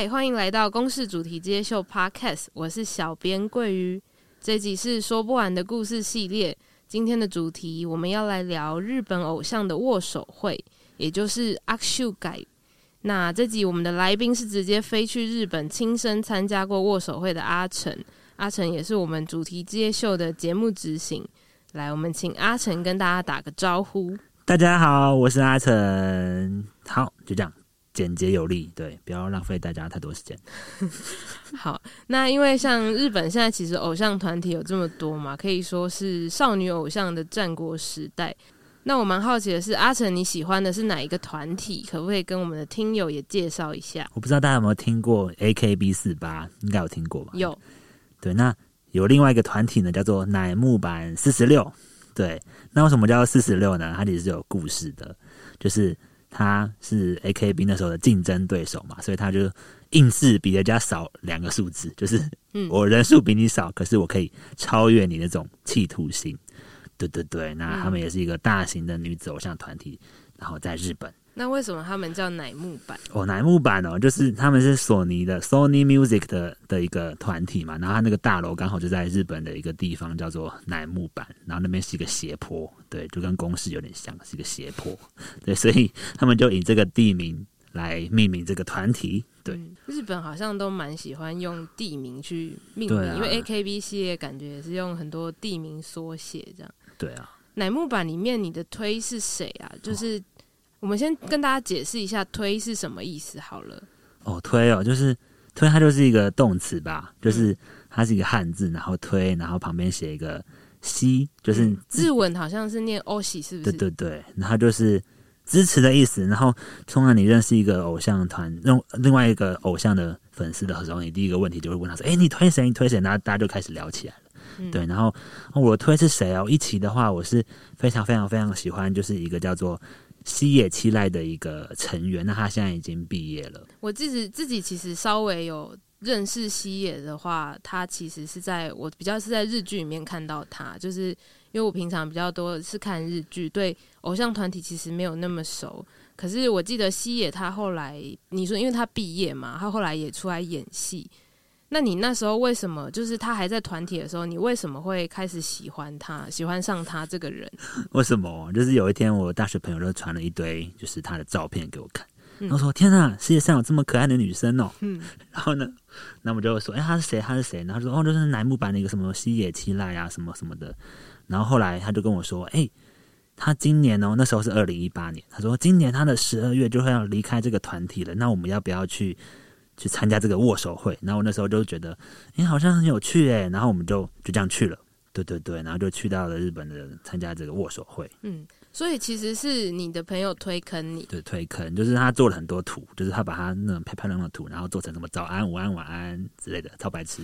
嗨，歡迎來到《公視主題之夜 SHOW》Podcast，我是小編桂瑜。這集是說不完的故事系列，今天的主題我們要來聊日本偶像的握手會，也就是阿秀改。那這集我們的來賓是直接飛去日本親身參加過握手會的阿晟，阿晟也是我們主題之夜 SHOW 的節目執行。來，我們請阿晟跟大家打個招呼。大家好，我是阿晟。好，就這樣。簡潔有力，對，不要浪費大家太多時間。 好，那因為像日本現在其實偶像團體有這麼多嘛，可以說是少女偶像的戰國時代。那我蠻好奇的是，阿晟你喜歡的是哪一個團體？可不可以跟我們的聽友也介紹一下？我不知道大家有沒有聽過 AKB48，應該有聽過吧？有。對，那有另外一個團體呢，叫做乃木坂四十六。對，那為什麼叫四十六呢？它其實是有故事的，就是。他是 AKB 那時候的競爭對手嘛，所以他就硬是比人家少兩個數字，就是我人數比你少，嗯，可是我可以超越你那種企圖心。對對對，那他們也是一個大型的女子偶像團體，然後在日本。那為什麼他們叫乃木坂哦？乃木坂哦，就是他們是索尼的 Sony Music 的的一個團體嘛。然後他那個大樓剛好就在日本的一個地方叫做乃木坂。然後那邊是一個斜坡，對，就跟公司有點像，是一個斜坡，對，所以他們就以這個地名來命名這個團體。對、嗯，日本好像都蠻喜歡用地名去命名，啊、因為 AKB 系列感覺也是用很多地名縮寫這樣。對啊，乃木坂裡面你的推是誰啊？就是、哦。我們先跟大家解釋一下“推”是什麼意思好了。哦，推哦，就是“推”，它就是一個動詞吧、嗯，就是它是一個漢字，然後“推”，然後旁邊寫一個 “C”，就是日文好像是念 “Oshi” 是不是？對對對，然後就是支持的意思。然後，通常你認識一個偶像團，那另外一個偶像的粉絲的時候，你第一個問題就會問他說：“哎，你推誰？你推誰？”然後大家就開始聊起來了。嗯、對，然後、哦、我推是誰哦？一期的話，我是非常非常非常喜歡，就是一個叫做。西野七瀨的一個成員，那他現在已經畢業了。我自己自己其實稍微有認識西野的話，他其實是在我比較是在日劇裡面看到他，就是因為我平常比較多是看日劇，對偶像團體其實沒有那麼熟。可是我記得西野他後來，你說因為他畢業嘛，他後來也出來演戲。那你那時候為什麼就是他還在團體的時候，你為什麼會開始喜歡他，喜歡上他這個人？為什麼？就是有一天我大學朋友就傳了一堆就是他的照片給我看，然後我說、嗯、天吶，世界上有這麼可愛的女生哦、喔嗯。然後呢，那我就說哎、欸，他是誰？他是誰？然後他就說哦，就是乃木坂那個什麼西野七瀨啊，什麼什麼的。然後後來他就跟我說，哎、欸，他今年哦，那時候是二零一八年，他說今年他的十二月就會要離開這個團體了。那我們要不要去？去參加這個握手會，然後我那時候就覺得，哎、欸，好像很有趣哎，然後我們就就這樣去了，對對對，然後就去到了日本的參加這個握手會。嗯，所以其實是你的朋友推坑你，對，推坑就是他做了很多圖，就是他把他那種拍漂亮的圖，然後做成什麼早安、午安、晚安之類的，超白痴，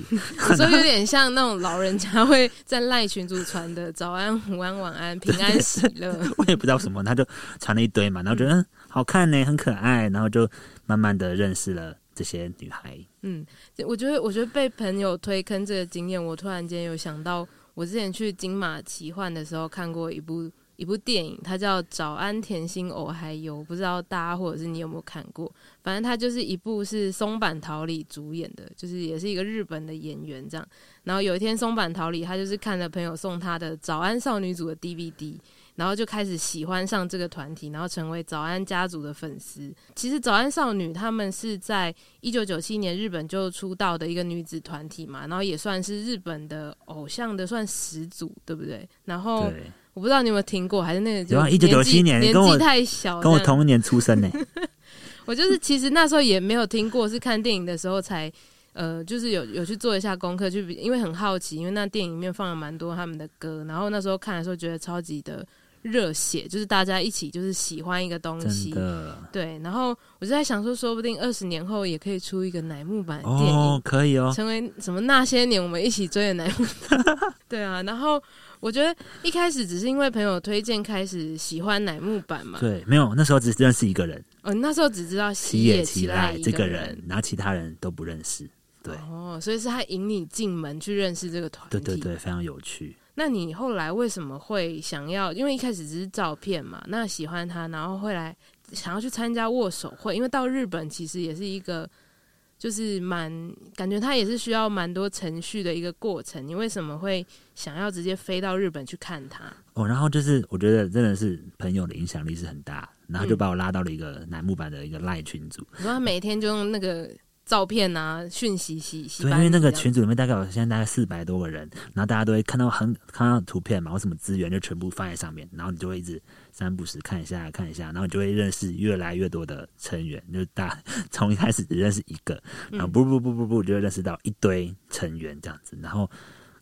所 以有點像那種老人家會在賴群組傳的早安、午安、晚安、平安喜樂，我也不知道什麼，他就傳了一堆嘛，然後覺得嗯，嗯好看呢，很可愛，然後就慢慢的認識了。這些女孩，嗯，我覺得，我覺得被朋友推坑這個經驗，我突然間有想到，我之前去金馬奇幻的時候看過一部一部電影，它叫《早安甜心》Ohio，我還有不知道大家或者是你有沒有看過？反正它就是一部是松坂桃李主演的，就是也是一個日本的演員這樣。然後有一天，松坂桃李他就是看了朋友送他的《早安少女組》的 DVD。然後就開始喜歡上這個團體，然後成為早安家族的粉絲。其實早安少女她們是在一九九七年日本就出道的一個女子團體嘛，然後也算是日本的偶像的算始祖，對不對？然後我不知道你有沒有聽過，還是那個對啊、一九九七年年紀、啊、年紀年紀太小，跟我同一年出生呢、欸。 我就是其實那時候也沒有聽過，是看電影的時候才呃，就是有有去做一下功課，就因為很好奇，因為那電影裡面放了蠻多他們的歌，然後那時候看的時候覺得超級的。熱血，就是大家一起就是喜歡一個東西，對。然後我就在想說，說不定二十年後也可以出一個乃木坂電影。哦，可以哦，成為什麼那些年我們一起追的乃木坂。 對啊。然後我覺得一開始只是因為朋友推薦開始喜歡乃木坂嘛，對，沒有，那時候只認識一個人，哦，那時候只知道西野七瀨這個人，然後其他人都不認識，對，哦，所以是他引你進門去認識這個團體，對，對對對，非常有趣。那你後來為什麼會想要？因為一開始只是照片嘛，那喜歡他，然後會來想要去參加握手會，因為到日本其實也是一個，就是蠻感覺他也是需要蠻多程序的一個過程。你為什麼會想要直接飛到日本去看他？哦，然後就是我覺得真的是朋友的影響力是很大，然後就把我拉到了一個乃木坂的一個賴群組，然、嗯、後他每天就用那個。照片啊，訊息，息息，因為那個群組裡面大概有現在大概四百多個人，嗯，然後大家都會看到很看到圖片嘛，或什麼資源就全部放在上面，然後你就會一直三不時看一下看一下，然後你就會認識越來越多的成員，就是大從一開始只認識一個，然後不不不不不，就會認識到一堆成員這樣子，嗯，然後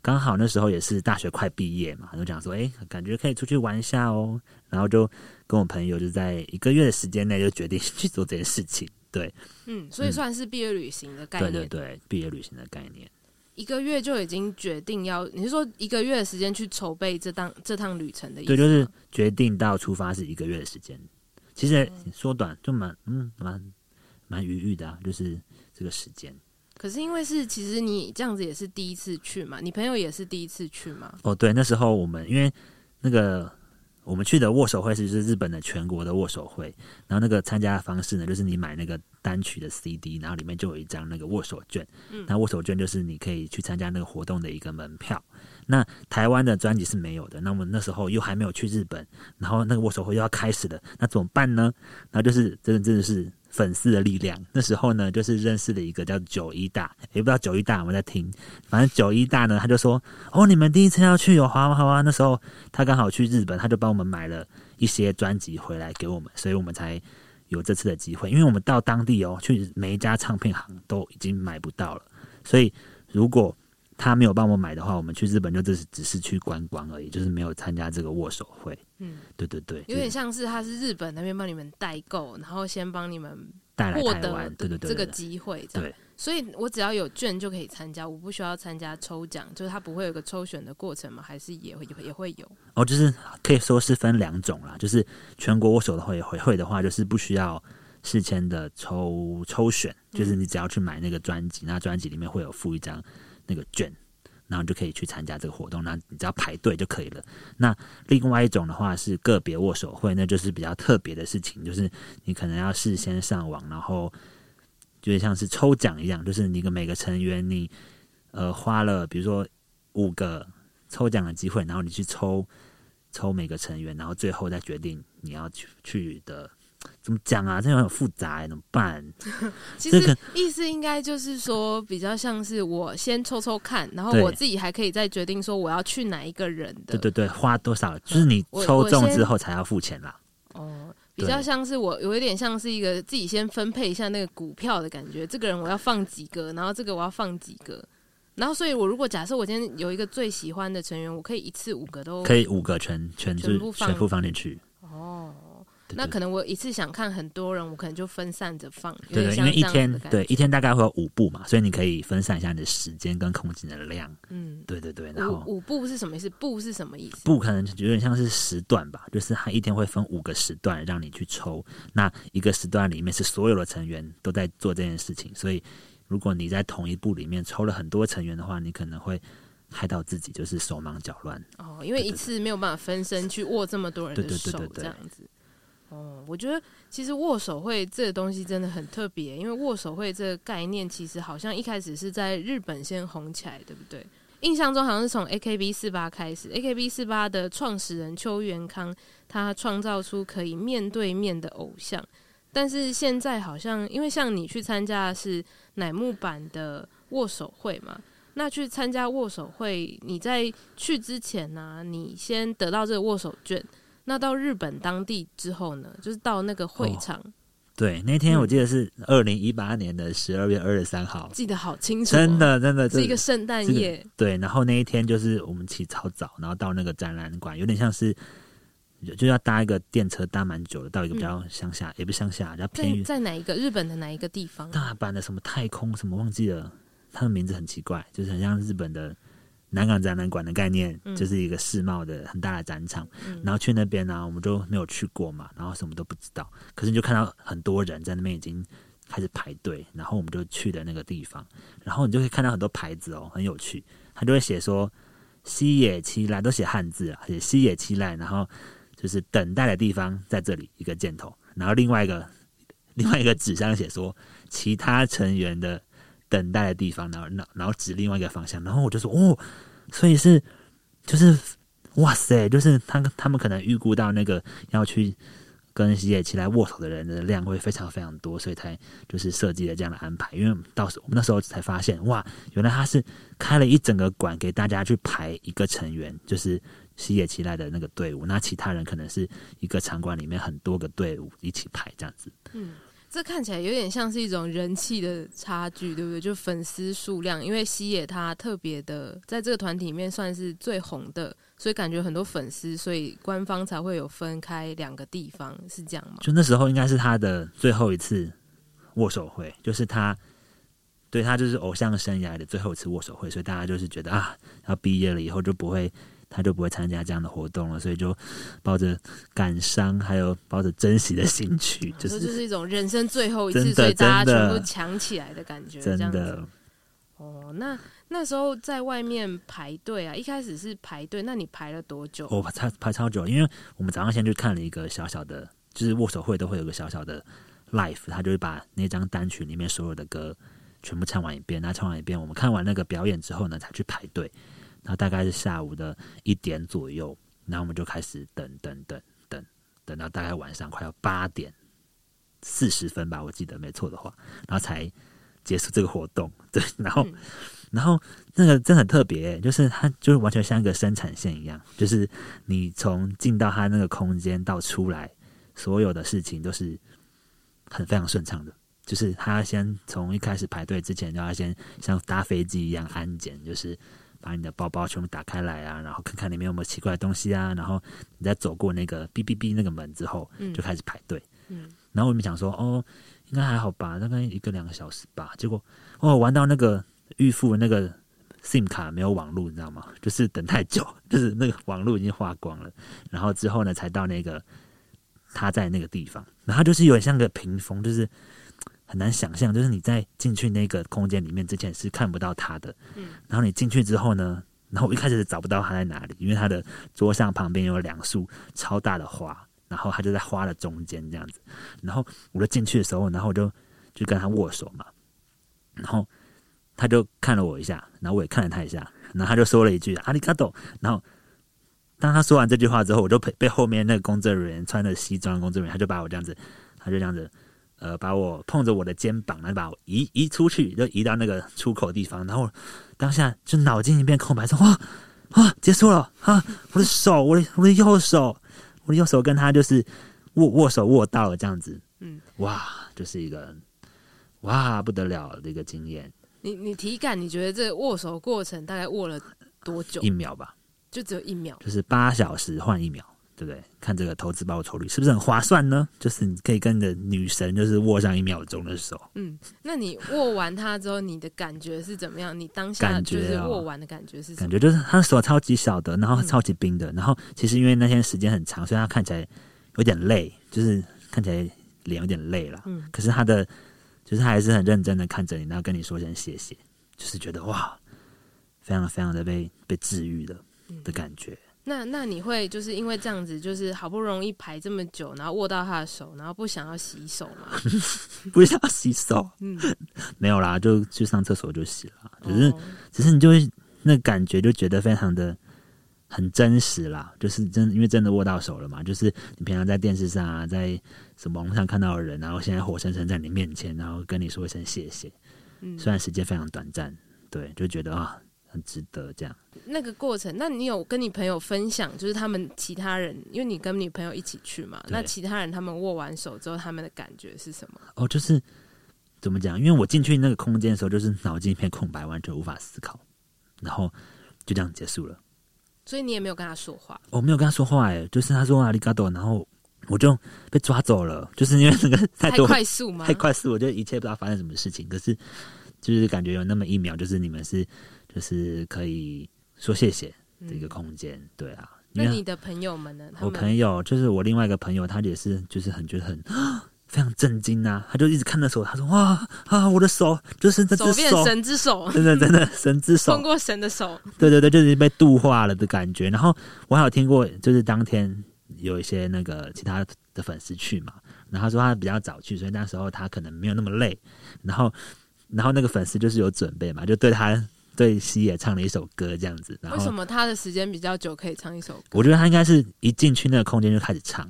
剛好那時候也是大學快畢業嘛，就講說誒、欸，感覺可以出去玩一下哦，然後就跟我朋友就在一個月的時間內就決定去做這件事情。對，嗯，所以算是畢業旅行的概念。嗯、對對對，畢業旅行的概念，一個月就已經決定要。你是說一個月的時間去籌備這趟、這趟旅程的意思？對，就是決定到出發是一個月的時間。其實縮短就蠻嗯蠻蠻愉悅的啊，就是這個時間。可是因為是其實你這樣子也是第一次去嘛，你朋友也是第一次去嘛。哦，對，那時候我們因為那個。我們去的握手會是，就是日本的全國的握手會，然後那個參加的方式呢，就是你買那個單曲的 CD，然後裡面就有一張那個握手券，嗯、那握手券就是你可以去參加那個活動的一個門票。那台灣的專輯是沒有的，那麼那時候又還沒有去日本，然後那個握手會又要開始了，那怎麼辦呢？然後就是真的真的是。粉絲的力量。那時候呢，就是認識了一個叫九一大，也、欸、不知道九一大我們在聽，反正九一大呢，他就說：“哦，你們第一次要去有花花好啊。哇哇哇。”那時候他剛好去日本，他就幫我們買了一些專輯回來給我們，所以我們才有這次的機會。因為我們到當地哦，去每一家唱片行都已經買不到了，所以如果。他沒有幫我買的話，我們去日本就只是只是去觀光而已，就是沒有參加這個握手會。嗯，對對對，有點像是他是日本那邊幫你們代購，然後先幫你們獲得對對對這個機會，對。所以我只要有券就可以參加，我不需要參加抽獎，就是他不會有一個抽選的過程嗎？還是也也也會有？哦，就是可以說是分兩種啦，就是全國握手會會會的話，就是不需要事先的抽抽選，就是你只要去買那個專輯，那專輯裡面會有附一張那個券，然後就可以去參加這個活動。那你只要排隊就可以了。那另外一種的話是個別握手會，那就是比較特別的事情，就是你可能要事先上網，然後就像是抽獎一樣，就是你每個成員你呃花了比如說五個抽獎的機會，然後你去抽抽每個成員，然後最後再決定你要去去的。怎麼講啊？這樣很複雜，怎麼辦？其實意思應該就是說，比較像是我先抽抽看，然後我自己還可以再決定說我要去哪一個人的。對對對，花多少？就是你抽中之後才要付錢啦。哦，比較像是我有一點像是一個自己先分配一下那個股票的感覺。這個人我要放幾個，然後這個我要放幾個，然後所以，我如果假設我今天有一個最喜歡的成員，我可以一次五個都可以五個全全全部放進去。哦。那可能我一次想看很多人，我可能就分散着放。對，對，對，因為一天對一天大概會有五步嘛，所以你可以分散一下你的時間跟空間的量。嗯，對對對。然後五五步是什麼意思？步是什麼意思？步可能有點像是時段吧，就是他一天會分五個時段讓你去抽。那一個時段裡面是所有的成員都在做這件事情，所以如果你在同一步裡面抽了很多成員的話，你可能會害到自己就是手忙腳亂。哦，因為一次沒有辦法分身對對對對對去握這麼多人的手對對對對這樣子。哦、嗯，我覺得其實握手會這個東西真的很特別，因為握手會這個概念其實好像一開始是在日本先紅起來，對不對？印象中好像是從 AKB48 開始，AKB48 的創始人秋元康他創造出可以面對面的偶像，但是現在好像因為像你去參加的是乃木坂的握手會嘛，那去參加握手會，你在去之前呢、啊，你先得到這個握手券。那到日本當地之後呢，就是到那個會場。哦、對，那天我記得是二零一八年的十二月二十三號、嗯，記得好清楚、哦。真的，真的是一個聖誕夜。對，然後那一天就是我們起超早，然後到那個展覽館，有點像是，就要搭一個電車搭蠻久的，到一個比較鄉下，也、嗯欸、不鄉下，比較偏遠，在哪一個日本的哪一個地方，大阪的什麼太空什麼忘記了，它的名字很奇怪，就是很像日本的。南港展覽館的概念，就是一個世貿的很大的展場，嗯、然後去那邊呢、啊，我們都沒有去過嘛，然後什麼都不知道。可是你就看到很多人在那邊已經開始排隊，然後我們就去的那個地方，然後你就會看到很多牌子哦，很有趣，他就會寫說“西野七瀨”都寫漢字、啊，寫“西野七瀨”，然後就是等待的地方在這裡，一個箭頭，然後另外一個另外一個紙上寫說其他成員的等待的地方，然後，然後，指另外一個方向，然後我就說，哦，所以是，就是，哇塞，就是他他們可能預估到那個要去跟西野七瀨握手的人的量會非常非常多，所以才就是設計了這樣的安排。因為到時候我們那時候才發現，哇，原來他是開了一整個館給大家去排一個成員，就是西野七瀨的那個隊伍，那其他人可能是一個場館裡面很多個隊伍一起排這樣子，嗯。這看起來有點像是一種人氣的差距，對不對？就粉絲數量，因為西野他特別的在這個團體裡面算是最紅的，所以感覺很多粉絲，所以官方才會有分開兩個地方，是這樣嗎？就那時候應該是他的最後一次握手會，就是他，對，他就是偶像生涯的最後一次握手會，所以大家就是覺得啊，他畢業了以後就不會。他就不會參加這樣的活動了，所以就抱着感傷，還有抱着珍惜的興趣。就是、啊、就，就是一種人生最後一次， 的所以大家全部搶起來的感覺，真的。這樣哦，那那時候在外面排隊啊，一開始是排隊，那你排了多久？哦，排排超久，因為我們早上先去看了一個小小的，就是握手會，都會有個小小的 live，他就會把那張單曲裡面所有的歌全部唱完一遍，那唱完一遍，我們看完那個表演之後呢，才去排隊。然後大概是下午的一點左右，然後我們就開始等等等等，等到大概晚上快要八點四十分吧，我記得沒錯的話，然後才結束這個活動。對，然後，嗯、然後那個真的很特別，就是它，就是完全像一個生產線一樣，就是你從進到它那個空間到出來，所有的事情都是很非常順暢的。就是他先從一開始排隊之前，就要先像搭飛機一樣安檢，就是。把你的包包全部打開來啊，然後看看裡面有沒有奇怪的東西啊，然後你再走過那個嗶嗶嗶那個門之後，嗯，就開始排隊。嗯，嗯，然後我們想說，哦，應該還好吧，大概一個兩個小時吧，結果我、哦，玩到那個預付那個 SIM 卡沒有網絡，你知道嗎？就是等太久，就是那個網絡已經花光了，然後之後呢，才到那個他在那個地方，然後就是有點像個屏風，就是。很難想象，就是你在進去那個空間裡面之前是看不到他的，嗯，然後你進去之後呢，然後我一開始是找不到他在哪裡，因為他的桌上旁邊有兩束超大的花，然後他就在花的中間這樣子，然後我就進去的時候，然後我就就跟他握手嘛，然後他就看了我一下，然後我也看了他一下，然後他就說了一句阿里嘎多。 然後當他說完這句話之後，我就被被後面那個工作人員穿著西裝的工作人員，他就把我這樣子，他就這樣子。呃，把我碰着我的肩膀，來把我移移出去，就移到那個出口地方。然後當下就腦筋一片空白，說哇哇、啊，結束了啊！我的手，我的我的右手，我的右手跟他就是握握手握到了這樣子。嗯，哇，就是一個哇不得了的一個經驗。你你體感你覺得這個握手過程大概握了多久？一秒吧，就只有一秒，就是八小時換一秒。對不對？看這個投資報酬率是不是很划算呢？就是你可以跟你的女神就是握上一秒鐘的手。嗯，那你握完她之後，你的感覺是怎麼樣？你當下感覺握完的感覺是麼？感覺就是她的手超級小的，然後超級冰的。嗯，然後其實因為那天時間很長，所以她看起來有點累，就是看起來臉有點累了。嗯，可是她的就是她還是很認真的看着你，然後跟你說聲謝謝，就是覺得哇，非常非常的被被治癒的的感覺。嗯那那你會就是因為這樣子，就是好不容易排這麼久，然後握到他的手，然後不想要洗手嗎？ 不想要洗手，嗯， 沒有啦，就去上廁所就洗了。只、就是、哦、只是你就會那感覺就覺得非常的很真實啦，就是真因為真的握到手了嘛，就是你平常在電視上啊，在什麼網上看到的人，然後現在活生生在你面前，然後跟你說一聲謝謝，嗯，雖然時間非常短暫，對，就覺得啊。很值得這樣。那個過程，那你有跟你朋友分享？就是他們其他人，因為你跟你朋友一起去嘛。那其他人他們握完手之後，他們的感覺是什麼？哦，就是怎麼講？因為我進去那個空間的時候，就是腦筋一片空白，完全無法思考，然後就這樣結束了。所以你也沒有跟他說話？我、哦、沒有跟他說話、欸，哎，就是他說阿里嘎多，然後我就被抓走了。就是因為那個太多，太快速嗎？太快速，我就一切不知道發生什麼事情。可是就是感覺有那麼一秒，就是你們是。就是可以說謝謝的一個空間、嗯，對啊，因為，那你的朋友們呢？我朋友就是我另外一個朋友，他也是就是很覺得很非常震驚啊！他就一直看的時候，他說：“哇啊，我的手就是這走遍神之手，真的真的神之手，通過神的手。”對對對，就是被度化了的感覺。然後我還有聽過，就是當天有一些那個其他的粉絲去嘛，然後他說他比較早去，所以那時候他可能沒有那麼累。然後，然後那個粉絲就是有準備嘛，就對他。對西野唱了一首歌，這樣子，為什麼他的時間比較久可以唱一首歌？我覺得他應該是一進去那個空間就開始唱，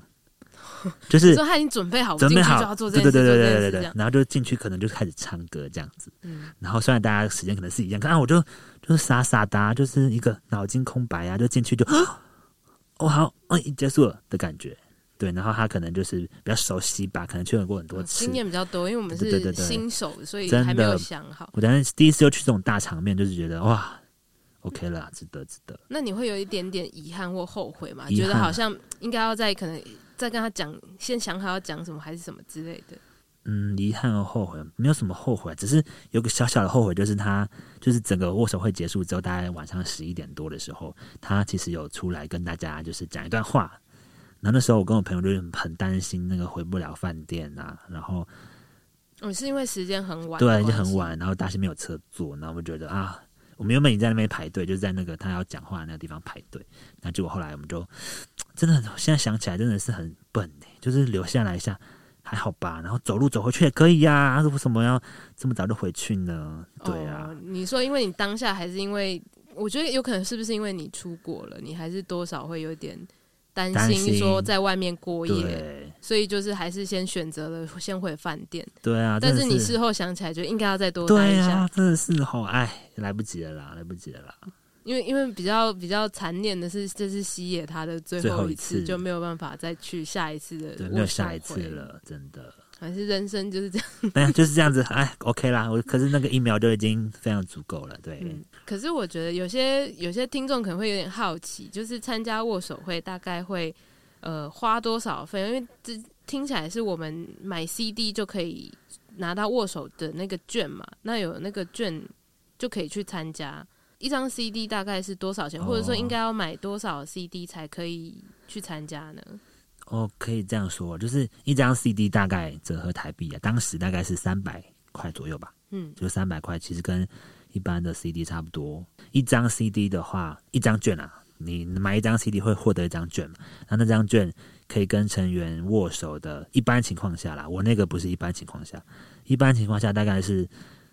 就是 說他已經準備好，準備好就要做這個，對對對對對對，對，對，對，然後就進去可能就開始唱歌這樣子，嗯、然後雖然大家時間可能是一樣，看、啊，我就就是傻傻的、啊，就是一個腦筋空白啊，就進去就 哦好，嗯、哎，結束了的感覺。對，然後他可能就是比較熟悉吧，可能確認過很多次，啊、經驗比較多，因為我們是新手，對對對對，所以還沒有想好。我當時第一次又去這種大場面，就是覺得哇，OK 了啦、嗯，值得，值得。那你會有一點點遺憾或後悔嗎？覺得好像應該要再可能再跟他講，先想好要講什麼，還是什麼之類的？嗯，遺憾和後悔沒有什麼後悔，只是有個小小的後悔，就是他就是整個握手會結束之後，大概晚上十一點多的時候，他其實有出來跟大家就是講一段話。然後那時候我跟我朋友就很擔心那個回不了飯店啊，然後哦，是因為時間很晚，對，就很晚，然後擔心沒有車坐，然後我們覺得啊，我們原本已經在那邊排隊，就在那個他要講話的那個地方排隊，那結果後來我們就真的現在想起來真的是很笨，就是留下來一下還好吧，然後走路走回去也可以呀，啊，為什麼要這麼早就回去呢，哦？對啊，你說因為你當下還是因為我覺得有可能是不是因為你出國了，你還是多少會有點。擔心說在外面過夜，所以就是還是先選擇了先回飯店。對啊，但是你事後想起來，就應該要再多待一下。對啊，真的事後，哎，來不及了啦，來不及了啦。因為因為比較比較殘念的是，這，就是西野他的最後，最後一次，就沒有辦法再去下一次的。對，沒有下一次了，真的。還是人生就是這樣，哎、 嗯，就是這樣子，哎，OK 啦。我可是那個一秒就已經非常足夠了，對、嗯。可是我覺得有些有些聽眾可能會有點好奇，就是參加握手會大概會呃花多少費？因為這聽起來是我們買 CD 就可以拿到握手的那個券嘛。那有那個券就可以去參加，一張 CD 大概是多少錢？哦，或者說應該要買多少 CD 才可以去參加呢？哦，可以這樣說，就是一張 CD 大概折合台幣啊，當時大概是三百塊左右吧。嗯，就三百塊，其實跟一般的 CD 差不多。一張 CD 的話，一張券啊，你買一張 CD 會獲得一張券嘛？那那張券可以跟成員握手的，一般情況下啦。我那個不是一般情況下，一般情況下大概是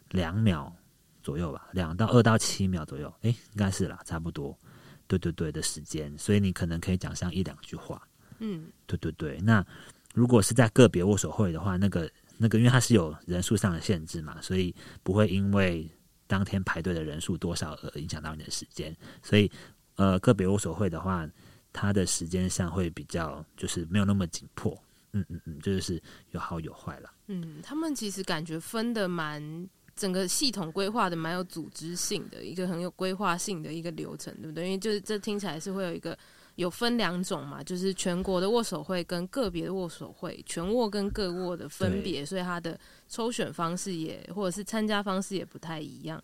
兩秒左右吧，兩到二到七秒左右。欸，應該是啦，差不多。對對對，的時間，所以你可能可以講上一兩句話。嗯，對對對。那如果是在個別握手會的話，那個那個，因為它是有人數上的限制嘛，所以不會因為當天排隊的人數多少而影響到你的時間。所以，呃，個別握手會的話，它的時間上會比較就是沒有那麼緊迫。嗯嗯嗯，就是有好有壞了。嗯，他們其實感覺分得蠻，整個系統規劃的蠻有組織性的，一個很有規劃性的一個流程，對不對？因為就是這聽起來是會有一個。有分兩種嘛，就是全國的握手會跟個別的握手會，全握跟個握的分別，所以它的抽選方式也或者是參加方式也不太一樣。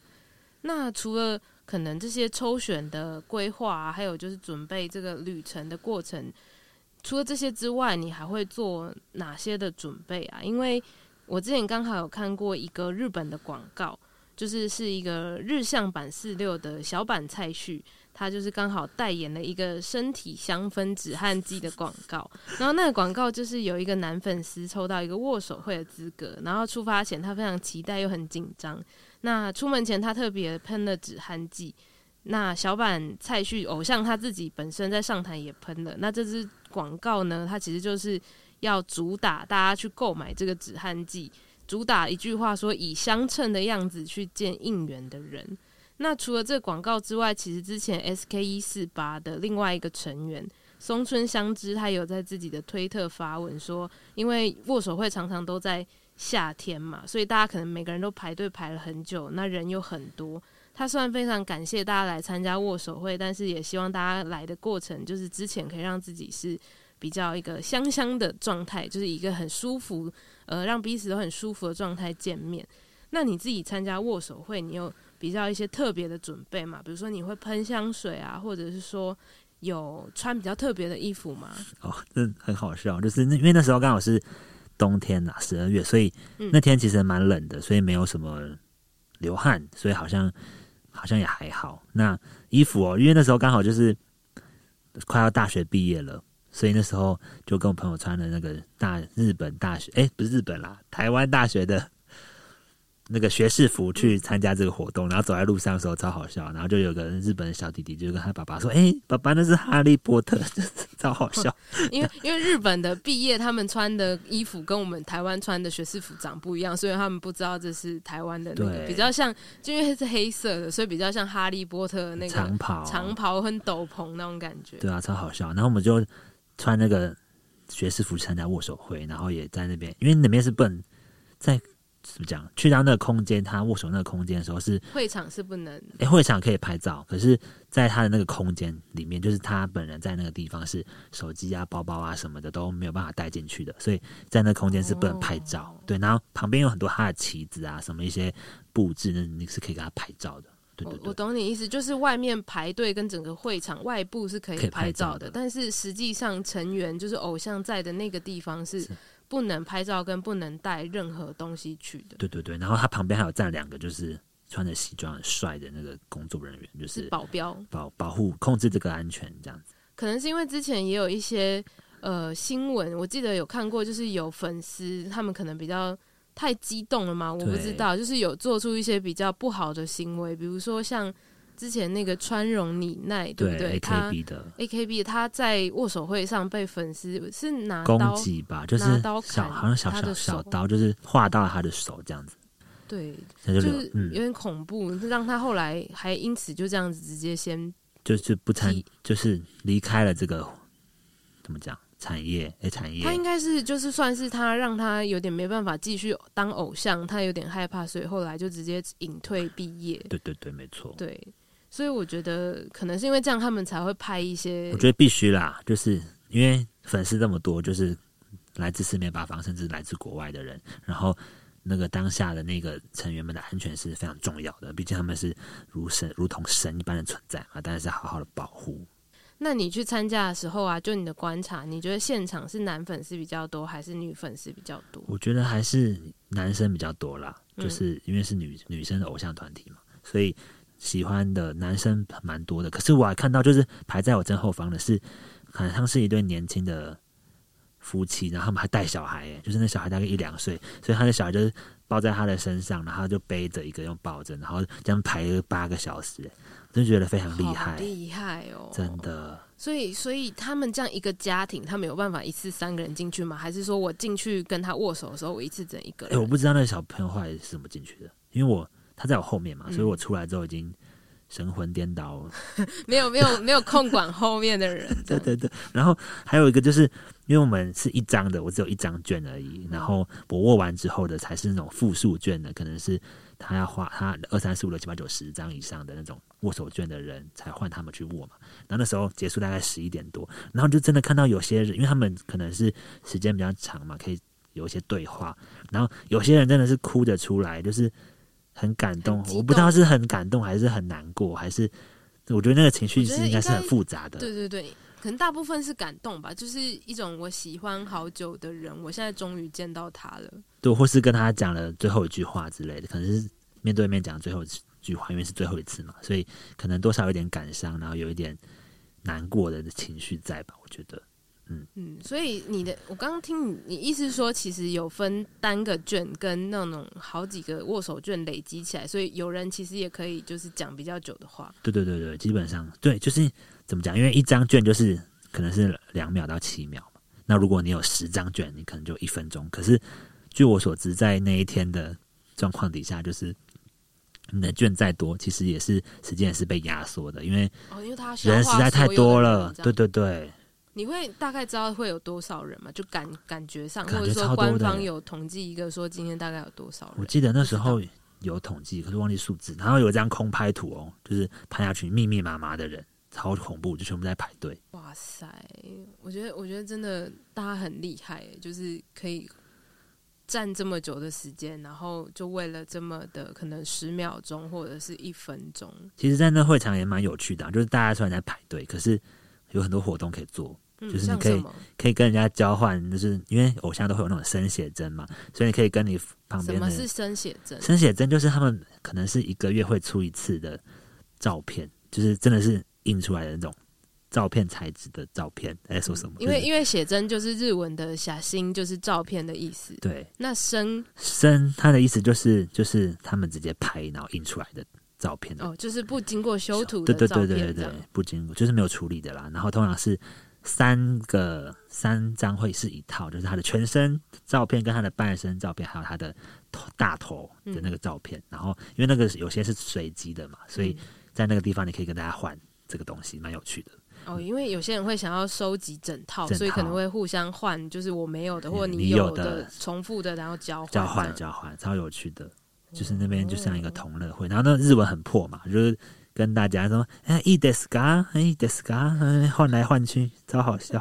那除了可能這些抽選的規劃啊，還有就是準備這個旅程的過程，除了這些之外，你還會做哪些的準備啊？因為我之前剛好有看過一個日本的廣告，就是是一個日向坂46的小坂菜緒。他就是剛好代言了一個身體香氛止汗劑的廣告，然後那個廣告就是有一個男粉絲抽到一個握手會的資格，然後出發前他非常期待又很緊張，那出門前他特別噴了止汗劑，那小板蔡旭偶像他自己本身在上台也噴了，那這支廣告呢，他其實就是要主打大家去購買這個止汗劑，主打一句話說，以相稱的樣子去見應援的人。那除了這個廣告之外，其實之前 SKE48 的另外一個成員松村香織，他有在自己的推特發文說，因為握手會常常都在夏天嘛，所以大家可能每個人都排隊排了很久，那人又很多。他雖然非常感謝大家來參加握手會，但是也希望大家來的過程就是之前可以讓自己是比較一個香香的狀態，就是一個很舒服，呃，讓彼此都很舒服的狀態見面。那你自己參加握手會，你又……比較一些特別的準備嘛，比如說你會噴香水啊，或者是說有穿比較特別的衣服嗎？哦，這很好笑，就是那因為那時候剛好是冬天吶，十二月，所以那天其實蠻冷的，所以沒有什麼流汗，所以好像好像也還好。那衣服哦，因為那時候剛好就是快要大學畢業了，所以那時候就跟我朋友穿了那個大日本大學，哎，不是日本啦，台灣大學的。那個學士服去參加這個活動，然後走在路上的時候超好笑。然後就有個日本的小弟弟就跟他爸爸說：“哎、欸，爸爸，那是哈利波特。呵呵”超好笑，因為 因為日本的畢業他們穿的衣服跟我們台灣穿的學士服長不一樣，所以他們不知道這是台灣的那個。比較像，就因為是黑色的，所以比較像哈利波特那個長袍、長袍跟斗篷那種感覺。對啊，超好笑。然後我們就穿那個學士服去參加握手會，然後也在那邊，因為那邊是不能在。是不是這樣？去到那個空間，他握手那個空間的時候，是會場是不能，哎、欸，會場可以拍照，可是，在他的那個空間裡面，就是他本人在那個地方，是手機啊、包包啊什麼的都沒有辦法帶進去的，所以在那個空間是不能拍照。哦、對，然後旁邊有很多他的旗子啊，什麼一些布置，那你是可以給他拍照的。對對對，我懂你意思，就是外面排隊跟整個會場外部是可以拍照的，照的但是實際上成員就是偶像在的那個地方是。是不能拍照，跟不能帶任何東西去的。對對對，然後他旁邊還有站兩個，就是穿着西裝很帥的那個工作人員，就是保鏢保保護、控制這個安全這樣子。可能是因為之前也有一些呃新聞，我記得有看過，就是有粉絲他們可能比較太激動了嘛，我不知道，就是有做出一些比較不好的行為，比如說像。之前那個川榮李奈，對對,對，A K B 的 A K B，他在握手會上被粉絲是拿刀，攻擊吧，就是小刀砍，好像小小小刀，就是劃到了他的手這樣子。對，就,就是有點恐怖、嗯，讓他後來還因此就這樣子直接先就是不參，就是離開了這個怎麼講產業？哎、欸，產業，他應該是就是算是他讓他有點沒辦法繼續當偶像，他有點害怕，所以後來就直接隱退畢業。對對對,對，沒錯，對。所以我覺得可能是因為這樣，他們才會拍一些。我覺得必須啦，就是因為粉絲這麼多，就是來自四面八方，甚至來自國外的人。然後那個當下的那個成員們的安全是非常重要的，畢竟他們是如神如同神一般的存在啊，當然是好好的保護。那你去參加的時候啊，就你的觀察，你覺得現場是男粉絲比較多還是女粉絲比較多？我覺得還是男生比較多啦，就是因為是女、嗯、女生的偶像團體嘛，所以。喜歡的男生蠻多的，可是我還看到，就是排在我正後方的是，好像是一對年輕的夫妻，然後他們還帶小孩，就是那小孩大概一兩歲，所以他的小孩就是抱在他的身上，然後就背着一個用抱着，然後這樣排八個、個小時，真覺得非常厲害，厲害哦，真的。所以，所以他們這樣一個家庭，他們有辦法一次三個人進去嗎？還是說我進去跟他握手的時候，我一次整一個人？欸，我不知道那小朋友後來是怎麼進去的，因為我。他在我後面嘛，所以我出來之後已經神魂顛倒了。嗯、 沒有，沒有，沒有空管後面的人。 對對對。然後還有一個就是，因為我們是一張的，我只有一張卷而已、嗯。然後我握完之後的，才是那種複數卷的，可能是他要花他二三四五六七八九十張以上的那種握手卷的人，才換他們去握嘛。然後那時候結束大概十一點多，然後就真的看到有些人，因為他們可能是時間比較長嘛，可以有一些對話。然後有些人真的是哭着出來，就是。很感動，很激動，我不知道是很感動還是很難過，還是我覺得那個情緒是應該是很複雜的。對對對，可能大部分是感動吧，就是一種我喜歡好久的人，我現在終於見到他了。對，或是跟他講了最後一句話之類的，可能是面對面講最後一句話，因為是最後一次嘛，所以可能多少有點感傷，然後有一點難過的情緒在吧，我覺得。嗯嗯，所以你的我剛剛聽你，你意思說，其實有分單個卷跟那種好幾個握手卷累積起來，所以有人其實也可以就是講比較久的話。對、嗯、對對對，基本上對，就是怎麼講？因為一張卷就是可能是兩秒到七秒嘛。那如果你有十張卷，你可能就一分鐘。可是據我所知，在那一天的狀況底下，就是你的卷再多，其實也是時間也是被壓縮的，因為哦，因為他人實在太多了。對對對。你會大概知道會有多少人嗎？就感感覺上感覺超多的，或者說官方有統計一個說今天大概有多少人？我記得那時候有統計，可是忘記數字。然後有一張空拍圖喔，就是拍下去密密麻麻的人，超恐怖，就全部在排隊。哇塞！我覺得，我覺得真的大家很厲害，就是可以站這麼久的時間，然後就為了這麼的可能十秒鐘或者是一分鐘。其實，在那會場也蠻有趣的，就是大家雖然在排隊，可是有很多活動可以做。嗯、就是你可以可以跟人家交換，就是因為偶像都會有那種生寫真嘛，所以你可以跟你旁邊的，什麼是生寫真？生寫真就是他們可能是一個月會出一次的照片，就是真的是印出來的那種照片材質的照片，嗯、還說什麼？就是、因為因為寫真就是日文的“寫心”，就是照片的意思。對，那生“生生”他的意思就是就是他們直接拍，然後印出來的照片哦，就是不經過修圖。對,對對對對對，不經過就是沒有處理的啦。然後通常是。三個三張會是一套，就是他的全身的照片，跟他的半身照片，還有他的頭大頭的那個照片。嗯、然後，因為那個有些是隨機的嘛，所以在那個地方你可以跟大家換這個東西，蠻、嗯、有趣的。哦，因為有些人會想要收集整套，整套，所以可能會互相換，就是我沒有的或你有的，你有的重複的，然後交換交換交換，超有趣的。就是那邊就像一個同樂會，哦，然後那日文很破嘛，就是。跟大家說，哎、欸，伊德斯嘎，哎、欸，德斯嘎，哎，換來換去，超好笑。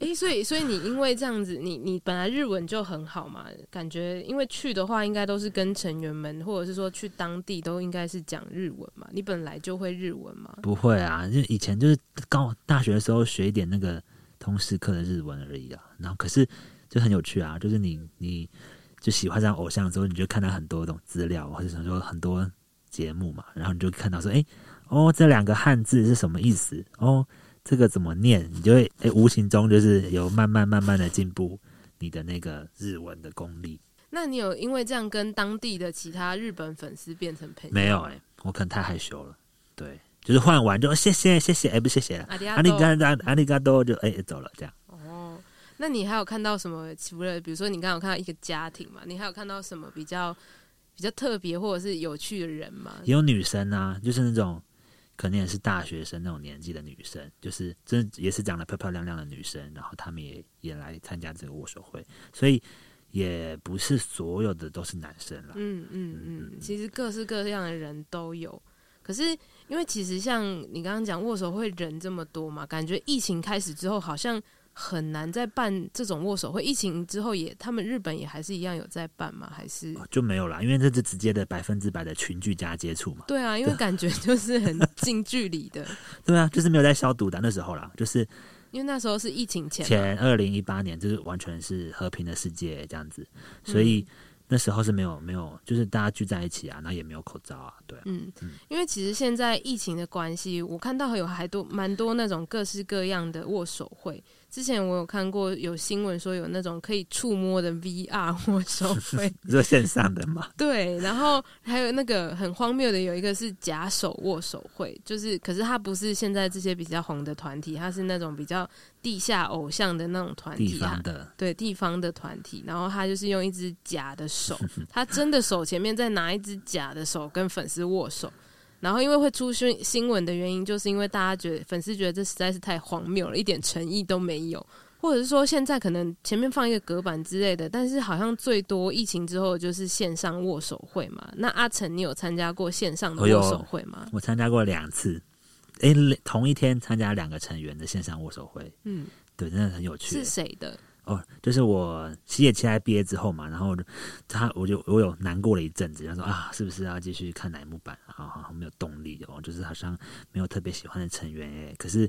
哎、欸，所以，所以你因為這樣子，你你本來日文就很好嘛，感覺因為去的話，應該都是跟成員們，或者是說去當地，都應該是講日文嘛。你本來就會日文嘛？不會啊，就以前就是剛好大學的時候學一點那個通識課的日文而已啊。然後可是就很有趣啊，就是你你就喜歡上偶像之後，你就看到很多種資料，或者想說很多。節目嘛，然後你就看到說，哎，哦，這兩個漢字是什麼意思？哦，這個怎麼念？你就會哎，無形中就是有慢慢慢慢的進步你的那個日文的功力。那你有因為這樣跟當地的其他日本粉絲變成朋友？沒有哎、欸，我可能太害羞了。對，就是換完就謝謝謝謝哎不謝謝、哎、了。阿里嘎多阿里嘎多就哎走了這樣。哦，那你還有看到什麼？除了比如說你剛剛有看到一個家庭嘛，你還有看到什麼比較？比較特別或者是有趣的人嘛，也有女生啊，就是那種可能也是大學生那種年紀的女生，就是真也是長得漂漂亮亮的女生，然後他們也也來參加這個握手會，所以也不是所有的都是男生了。嗯嗯嗯,嗯，其實各式各樣的人都有，可是因為其實像你剛剛講握手會人這麼多嘛，感覺疫情開始之後好像。很難再辦這種握手會。疫情之後也，他們日本也還是一樣有在辦嗎？還是就沒有了？因為這是直接的百分之百的群聚加接觸嘛。對啊，因為感覺就是很近距離的。 對啊，就是沒有在消毒的那時候啦。就是因為那時候是疫情前，前二零一八年，就是完全是和平的世界這樣子，所以那時候是沒有沒有，就是大家聚在一起啊，然後也沒有口罩啊，對啊。嗯嗯，因為其實現在疫情的關係，我看到還有還多蠻多那種各式各樣的握手會。之前我有看過有新聞說，有那種可以觸摸的 VR 握手會，是線上的嗎？ 對，然後還有那個很荒謬的，有一個是假手握手會，就是可是他不是現在這些比較紅的團體，他是那種比較地下偶像的那種團體啊，地方的。對，地方的團體，然後他就是用一隻假的手，他真的手前面再拿一隻假的手跟粉絲握手。然後因為會出新新聞的原因，就是因為大家覺得粉絲覺得這實在是太荒謬了，一點誠意都沒有，或者是說現在可能前面放一個隔板之類的，但是好像最多疫情之後就是線上握手會嘛。那阿晟，你有參加過線上的握手會嗎？哦，我參加過兩次，誒，同一天參加兩個成員的線上握手會，嗯，對，真的很有趣。是誰的？哦，就是我西野七瀨畢業之後嘛，然後他我就我有難過了一陣子，他、就是、說啊，是不是要繼續看乃木坂啊？啊？沒有動力哦、啊，就是好像沒有特別喜歡的成員哎、欸。可是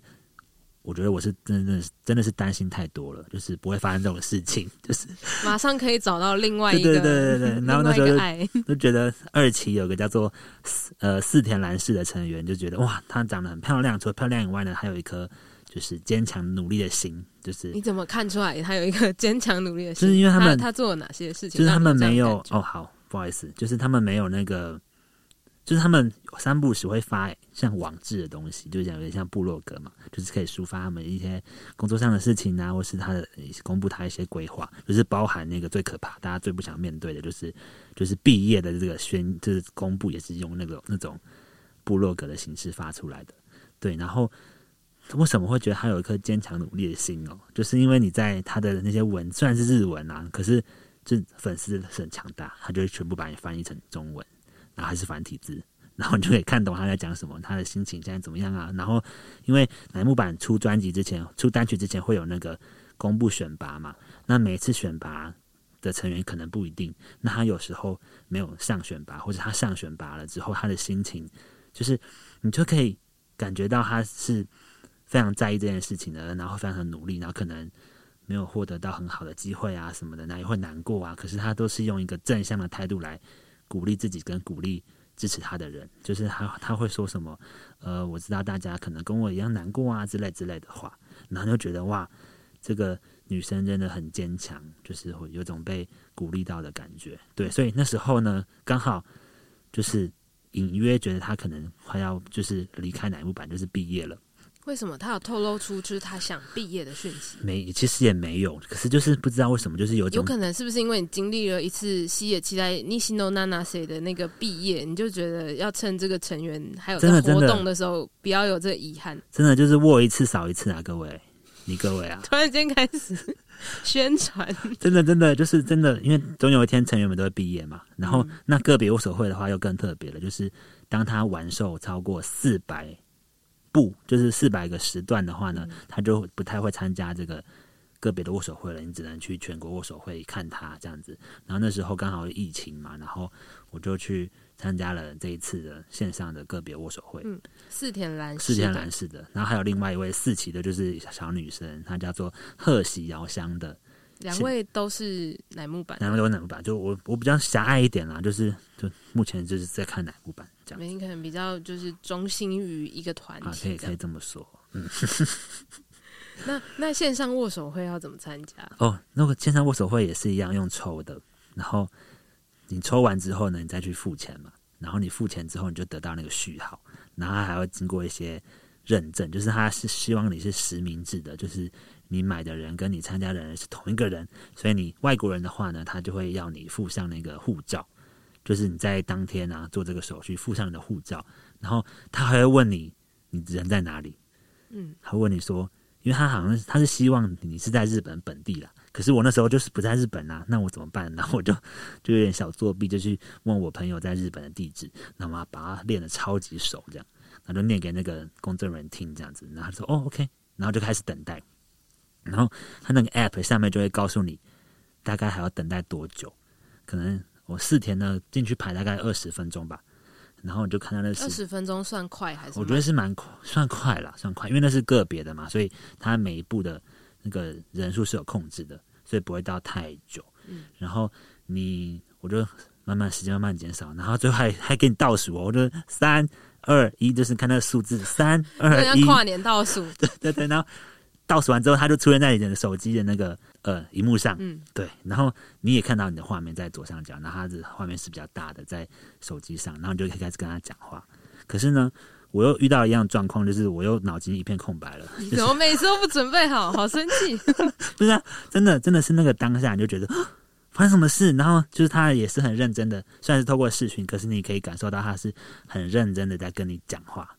我覺得我是真的是真的是擔心太多了，就是不會發生這種事情，就是馬上可以找到另外一個對對對對對，然後那時候，另外一個愛，就覺得二期有個叫做呃寺田蘭世的成員，就覺得哇，她長得很漂亮，除了漂亮以外呢，還有一顆就是堅強努力的心。就是你怎麼看出來他有一個堅強努力的心？就是因為他們他，他做了哪些事情？就是他們沒有，有哦，好，不好意思，就是他們沒有那個，就是他們三部時會發像網志的東西，就講有點像部落格嘛，就是可以抒發他們一些工作上的事情啊，或是他的公布他一些規劃，就是包含那個最可怕，大家最不想面對的，就是就是畢業的這個宣，就是公布也是用那個那種部落格的形式發出來的，對，然後。為什麼會覺得他有一顆堅強努力的心哦？就是因為你在他的那些文雖然是日文啊，可是就粉絲是很強大，他就會全部把你翻譯成中文，然後還是繁體字，然後你就可以看懂他在講什麼，他的心情現在怎麼樣啊？然後，因為乃木坂出專輯之前出單曲之前會有那個公布選拔嘛，那每一次選拔的成員可能不一定，那他有時候沒有上選拔，或者他上選拔了之後，他的心情就是你就可以感覺到他是。非常在意這件事情的，然後非常努力，然後可能沒有獲得到很好的機會啊什麼的，那也會難過啊。可是他都是用一個正向的態度來鼓勵自己，跟鼓勵支持他的人。就是他他會說什麼？呃，我知道大家可能跟我一樣難過啊之類之類的話，然後就覺得哇，這個女生真的很堅強，就是會有種被鼓勵到的感覺。對，所以那時候呢，剛好就是隱約覺得他可能快要就是離開乃木坂，就是畢業了。為什麼他有透露出就是他想畢業的訊息？沒，其實也沒有，可是就是不知道為什麼，就是有有可能是不是因為你經歷了一次西野七瀨 Nishino Nanase 的那個畢業，你就覺得要趁這個成員還有在活動的時候，不要有這個遺憾。真的就是握一次少一次啊，各位，你各位啊，突然間開始宣傳， 真的真的就是真的，因為總有一天成員們都會畢業嘛。然後、嗯、那個別握手會的話，又更特別了，就是當他完售超過四百。不，就是四百個時段的話呢，他就不太會參加這個個別的握手會了。你只能去全國握手會看他這樣子。然後那時候剛好疫情嘛，然後我就去參加了這一次的線上的個別握手會。嗯，寺田蘭世、寺田蘭世的。然後還有另外一位四期的，就是小女生，她叫做賀喜遙香的。兩位都是乃木坂，兩位都是乃木坂，就我我比較狹隘一點啦，就是就目前就是在看乃木坂這樣，每、嗯、天可能比較就是忠心於一個團體、啊、可以可以這麼說，嗯。 那那線上握手會要怎麼參加？哦，那個線上握手會也是一樣用抽的，然後你抽完之後呢，你再去付錢嘛，然後你付錢之後你就得到那個序號，然後還要經過一些認證，就是他是希望你是實名制的，就是。你買的人跟你參加的人是同一個人，所以你外國人的話呢，他就會要你附上那個護照，就是你在當天啊做這個手續附上你的護照，然後他還會問你你人在哪裡，嗯，他會問你說，因為他好像他是希望你是在日本本地啦。可是我那時候就是不在日本啊，那我怎麼辦？然後我就就有點小作弊，就去問我朋友在日本的地址，然後把他練的超級熟這樣，然後就念給那個公證人聽這樣子，然後他說哦 OK，然後就開始等待。然後他那個 app 上面就會告訴你大概還要等待多久。可能我四天呢進去排大概二十分鐘吧。然後你就看到，那二十分鐘算快還是？我覺得是蠻算快了，算快，因為那是個別的嘛，所以他每一步的那個人數是有控制的，所以不會到太久。嗯。然後你我就慢慢時間慢慢減少，然後最後還還給你倒數哦，我就三二一，就是看那個數字三二一。3, 2, 1, 好像跨年倒數。 對，對對。然後。倒數完之後，他就出現在你的手機的那個呃熒幕上，嗯，對，然後你也看到你的畫面在左上角，然後他的畫面是比較大的在手機上，然後你就可以開始跟他講話。可是呢，我又遇到一樣的狀況，就是我又腦筋一片空白了。我、就是、你怎麼每次都不準備好？好生氣！ 不是啊，真的，真的是那個當下你就覺得發生什麼事，然後就是他也是很認真的，雖然是透過視訊，可是你可以感受到他是很認真的在跟你講話。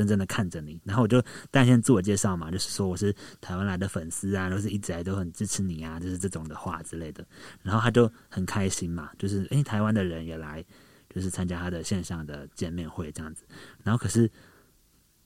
認真的看着你，然後我就，但先自我介紹嘛，就是說我是台灣來的粉絲啊，都是一直來都很支持你啊，就是這種的話之類的，然後他就很開心嘛，就是哎、欸、台灣的人也來，就是參加他的線上的見面會這樣子，然後可是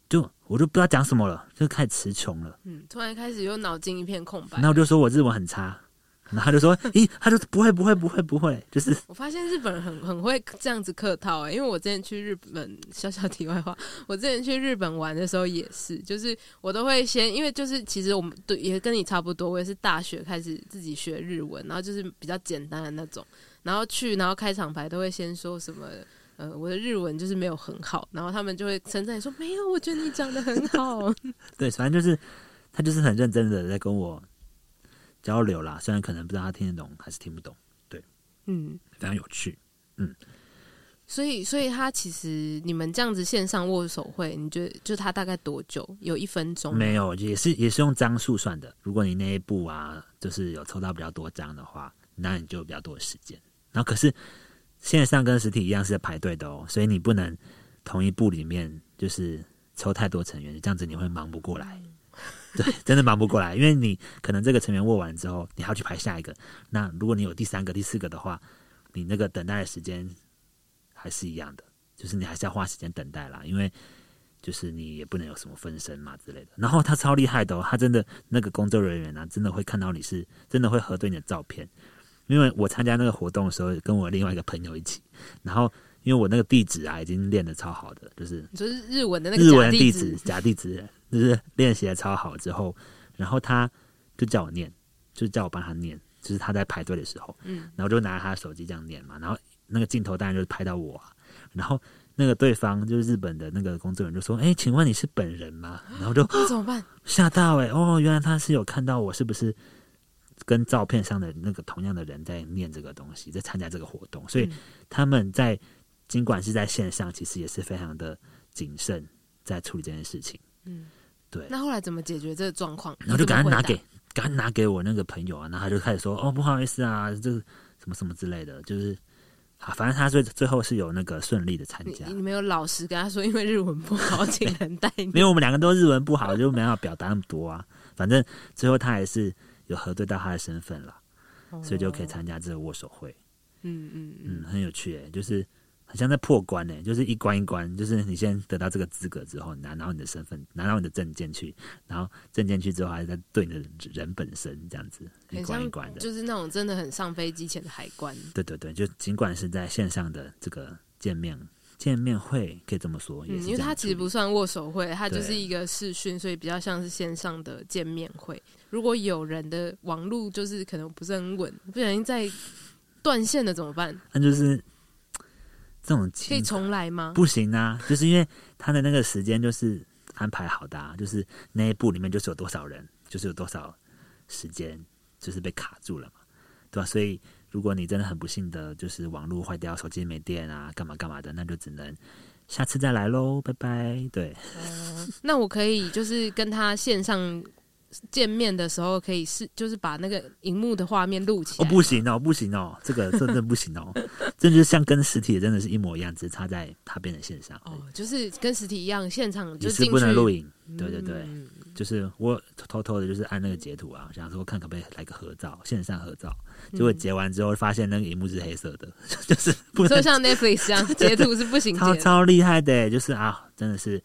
就我都不知道講什麼了，就開始詞窮了，嗯，突然開始又腦筋一片空白，啊，那我就說我日文很差。 然後他就說，咦，他就不會不會不會不會，就是我發現日本人很很會這樣子客套啊、欸，因為我之前去日本，小小題外話，我之前去日本玩的時候也是，就是我都會先，因為就是其實我們都也跟你差不多，我也是大學開始自己學日文，然後就是比較簡單的那種，然後去然後開場白都會先說什麼，呃，我的日文就是沒有很好，然後他們就會稱讚你說沒有，我覺得你講得很好， 對，反正就是他就是很認真的在跟我。交流啦，雖然可能不知道他聽得懂還是聽不懂，對，嗯，非常有趣，嗯。所以，所以他其實你們這樣子線上握手會，你覺得就他大概多久？有一分鐘沒有？也是也是用張數算的。如果你那一部啊，就是有抽到比較多張的話，那你就比較多時間。然後可是線上跟實體一樣是在排隊的哦，所以你不能同一部裡面就是抽太多成員，這樣子你會忙不過來。嗯 對，真的忙不過來，因為你可能這個成員握完之後，你還要去排下一個。那如果你有第三個、第四個的話，你那個等待的時間還是一樣的，就是你還是要花時間等待啦。因為就是你也不能有什麼分身嘛之類的。然後他超厲害的哦，他真的那個工作人員啊，真的會看到你是真的會核對你的照片。因為我參加那個活動的時候，跟我另外一個朋友一起，然後。因為我那個地址啊，已經練得超好的，就是就是日文的那個日文地址 假地址，就是練習得超好之後，然後他就叫我念，就叫我幫他念，就是他在排隊的時候，嗯，然後就拿着他的手機這樣念嘛，然後那個鏡頭當然就是拍到我，啊，然後那個對方就是日本的那個工作人員就說：“哎，欸，請問你是本人嗎？”然後就怎麼辦？嚇到哎、欸、哦，原來他是有看到我是不是跟照片上的那個同樣的人在念這個東西，在參加這個活動，所以他們在。儘管是在線上，其實也是非常的謹慎在處理這件事情。嗯，對。那後來怎麼解決這個狀況？然後就趕快拿給，趕快拿給我那個朋友啊，然後他就開始說：“哦，不好意思啊，這個什麼什麼之類的。”就是，啊，反正他最最後是有那個順利的參加。你，你沒有老實跟他說，因為日文不好， 請人代。沒有，我們兩個都日文不好，就沒辦法表達那麼多啊。反正最後他也是有核對到他的身份了、哦，所以就可以參加這個握手會。嗯嗯嗯，嗯，很有趣哎、欸，就是。好像在破關呢、欸，就是一關一關，就是你先得到這個資格之後，你拿拿到你的身份，拿到你的證件去，然後證件去之後，還是在對你的人本身這樣子一關一關的。就是那種真的很上飛機前的海關。對對對，就儘管是在線上的這個見面見面會，可以這麼說、嗯這。因為它其實不算握手會，它就是一個視訊，所以比較像是線上的見面會。如果有人的網路就是可能不是很穩，不小心在斷線了怎麼辦？那就是。嗯這種情感可以重來嗎？不行啊，就是因為他的那個時間就是安排好的，啊， 就是那一部裡面就是有多少人，就是有多少時間，就是被卡住了嘛，對吧，啊？所以如果你真的很不幸的，就是網絡壞掉、手機沒電啊、幹嘛幹嘛的，那就只能下次再來嘍，拜拜。對，呃，那我可以就是跟他線上。見面的時候可以是就是把那個熒幕的畫面錄起來哦，不行哦，不行哦，這個真的不行哦，這 就像跟實體真的是一模一樣，只差在他變成線上哦，就是跟實體一樣，現場就、就是不能錄影，對對對、嗯，就是我偷偷的，就是按那個截圖啊、嗯，想說看可不可以來個合照，線上合照，嗯、結果截完之後發現那個熒幕是黑色的，嗯、 就是不能，就像 Netflix 一樣， 截圖是不行的，超超厲害的，就是啊，真的是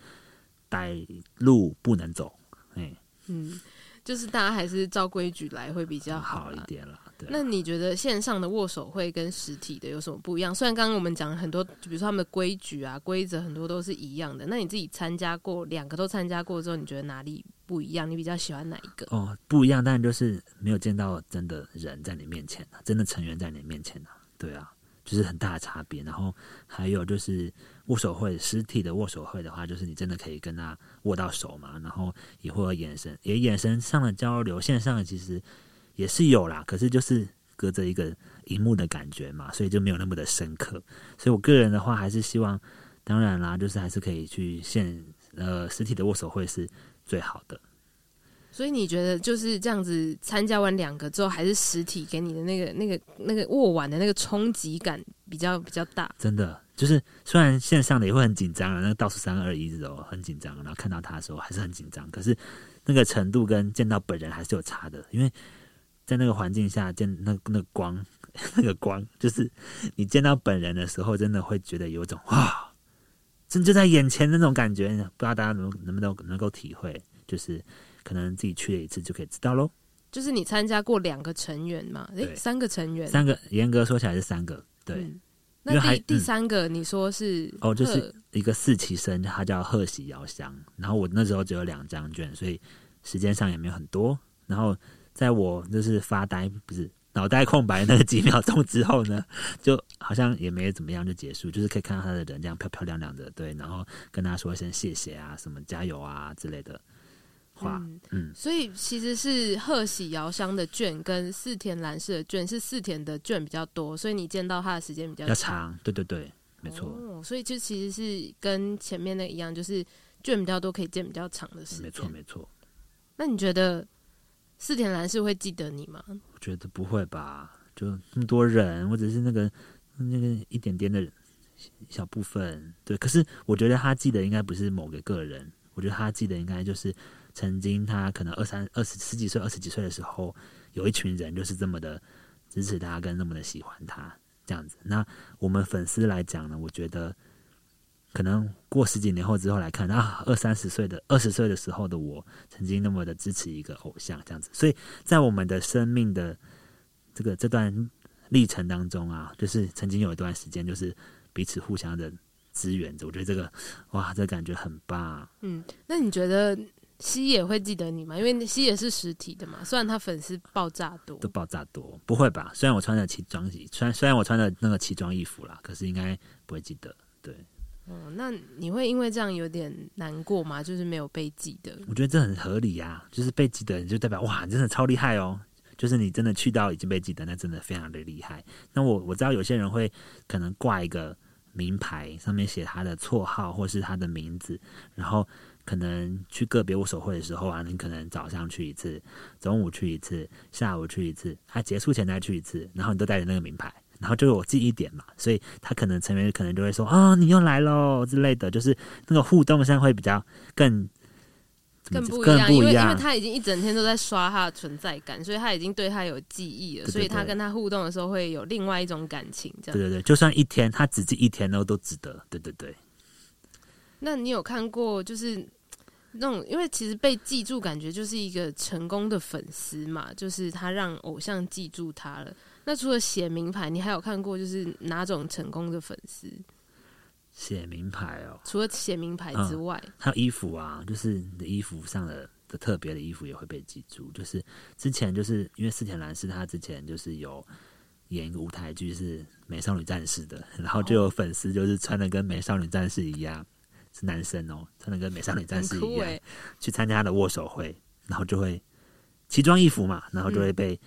歹路不能走，哎，嗯。就是大家還是照規矩來會比較好、嗯、好一點啦。對啊。那你覺得線上的握手會跟實體的有什麼不一樣？雖然剛剛我們講很多，比如說他們的規矩啊、規則很多都是一樣的。那你自己參加過兩個都參加過之後，你覺得哪裡不一樣？你比較喜歡哪一個？哦，不一樣，但就是沒有見到真的人在你面前呢，真的成員在你面前呢、啊，對啊。就是很大的差別，然後還有就是握手會，實體的握手會的話，就是你真的可以跟他握到手嘛，然後也會有眼神，也眼神上的交流，線上的其實也是有啦，可是就是隔着一個熒幕的感覺嘛，所以就沒有那麼的深刻。所以我個人的話，還是希望，當然啦，就是還是可以去現，呃，實體的握手會是最好的。所以你覺得就是這樣子參加完兩個之後，還是實體給你的那個、那個、那個握腕的那個衝擊感比較比較大？真的，就是雖然線上的也會很緊張啊，那個倒數三二一的時候很緊張。然後看到他的時候還是很緊張，可是那個程度跟見到本人還是有差的，因為在那個環境下見那那， 那個光，那個光就是你見到本人的時候，真的會覺得有種啊，真的就在眼前那種感覺，不知道大家能能不能能夠體會，就是。可能自己去了一次就可以知道嘍。就是你參加過兩個成員嘛？誒、欸，三個成員，三個嚴格說起來是三個。對，嗯、那第還第三個你說是、嗯、哦，就是一個四期生，他叫賀喜遙香。然後我那時候只有兩張券，所以時間上也沒有很多。然後在我就是發呆，不是腦袋空白那幾秒鐘之後呢，就好像也沒怎麼樣就結束，就是可以看到他的人這樣漂漂亮亮的，對，然後跟他說一聲謝謝啊，什麼加油啊之類的。嗯，嗯，所以其實是賀喜遙香的卷跟寺田蘭世的卷，是寺田的卷比較多，所以你見到他的時間比，比較長。對對對，沒錯、哦。所以就其實是跟前面那一樣，就是卷比較多可以見比較長的時間，嗯。沒錯沒錯。那你覺得寺田蘭世會記得你嗎？我覺得不會吧，就那麼多人，或者是那個那個一點點的小部分。對，可是我覺得他記得應該不是某個個人，我覺得他記得應該就是。曾經他可能二三二十十幾歲二十幾歲的時候，有一群人就是這麼的支持他，跟那麼的喜歡他這樣子。那我們粉絲來講呢，我覺得可能過十幾年後之後來看啊，二三十歲的二十歲的時候的我，曾經那麼的支持一個偶像這樣子。所以在我們的生命的這個這段歷程當中啊，就是曾經有一段時間，就是彼此互相的支援着。我覺得這個哇，這感覺很棒。嗯，那你覺得？西野會記得你嗎？因為西野是實體的嘛，雖然他粉絲爆炸多，都爆炸多，不會吧？雖然我穿的奇裝，穿雖然我穿的那個奇裝異服啦，可是應該不會記得，對。嗯、哦，那你會因為這樣有點難過嗎？就是沒有被記得？我覺得這很合理呀，啊，就是被記得你就代表哇，真的超厲害哦！就是你真的去到已經被記得，那真的非常的厲害。那我我知道有些人會可能掛一個名牌，上面寫他的綽號或是他的名字，然後。可能去個別握手會的時候啊，你可能早上去一次，中午去一次，下午去一次，他、啊、結束前再去一次，然後你都帶着那個名牌，然後就是有記憶點嘛，所以他可能成員可能就會說啊、哦，你又來嘍之類的，就是那個互動現在會比較更更不,更不一樣，因為因為他已經一整天都在刷他的存在感，所以他已經對他有記憶了，對對對所以他跟他互動的時候會有另外一種感情，對對對，就算一天他只記一天，然後都值得，對對對。那你有看過就是那種，因為其實被記住感覺就是一個成功的粉絲嘛，就是他讓偶像記住他了。那除了寫名牌，你還有看過就是哪種成功的粉絲？寫名牌哦，除了寫名牌之外，還、嗯、有衣服啊，就是衣服上的的特別的衣服也會被記住。就是之前就是因為寺田蘭世他之前就是有演一個舞台劇是《美少女戰士》的，然後就有粉絲就是穿的跟《美少女戰士》一樣。哦是男生哦、喔，他能跟美少女戰士一樣、欸、去參加他的握手會，然後就會奇裝異服嘛，然後就會被、嗯、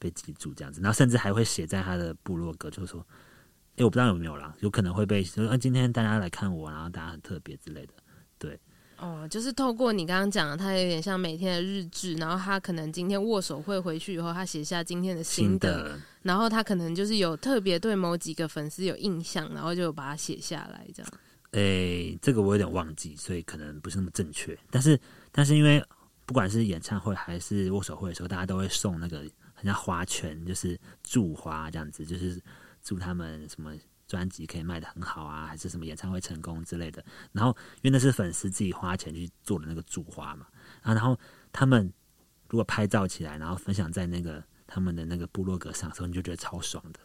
被記住這樣子，然後甚至還會寫在他的部落格，就是說，哎、欸，我不知道有沒有啦，有可能會被說今天大家來看我，然後大家很特別之類的，對，哦，就是透過你剛剛講的，他有點像每天的日誌，然後他可能今天握手會回去以後，他寫下今天的心得，然後他可能就是有特別對某幾個粉絲有印象，然後就把他寫下來這樣。誒、欸，這個我有點忘記，所以可能不是那麼正確。但是，但是因為不管是演唱會還是握手會的時候，大家都會送那個很像花圈，就是祝花這樣子，就是祝他們什麼專輯可以賣得很好啊，還是什麼演唱會成功之類的。然後，因為那是粉絲自己花錢去做的那個祝花嘛啊，然後他們如果拍照起來，然後分享在那個他們的那個部落格上的時候，你就覺得超爽的。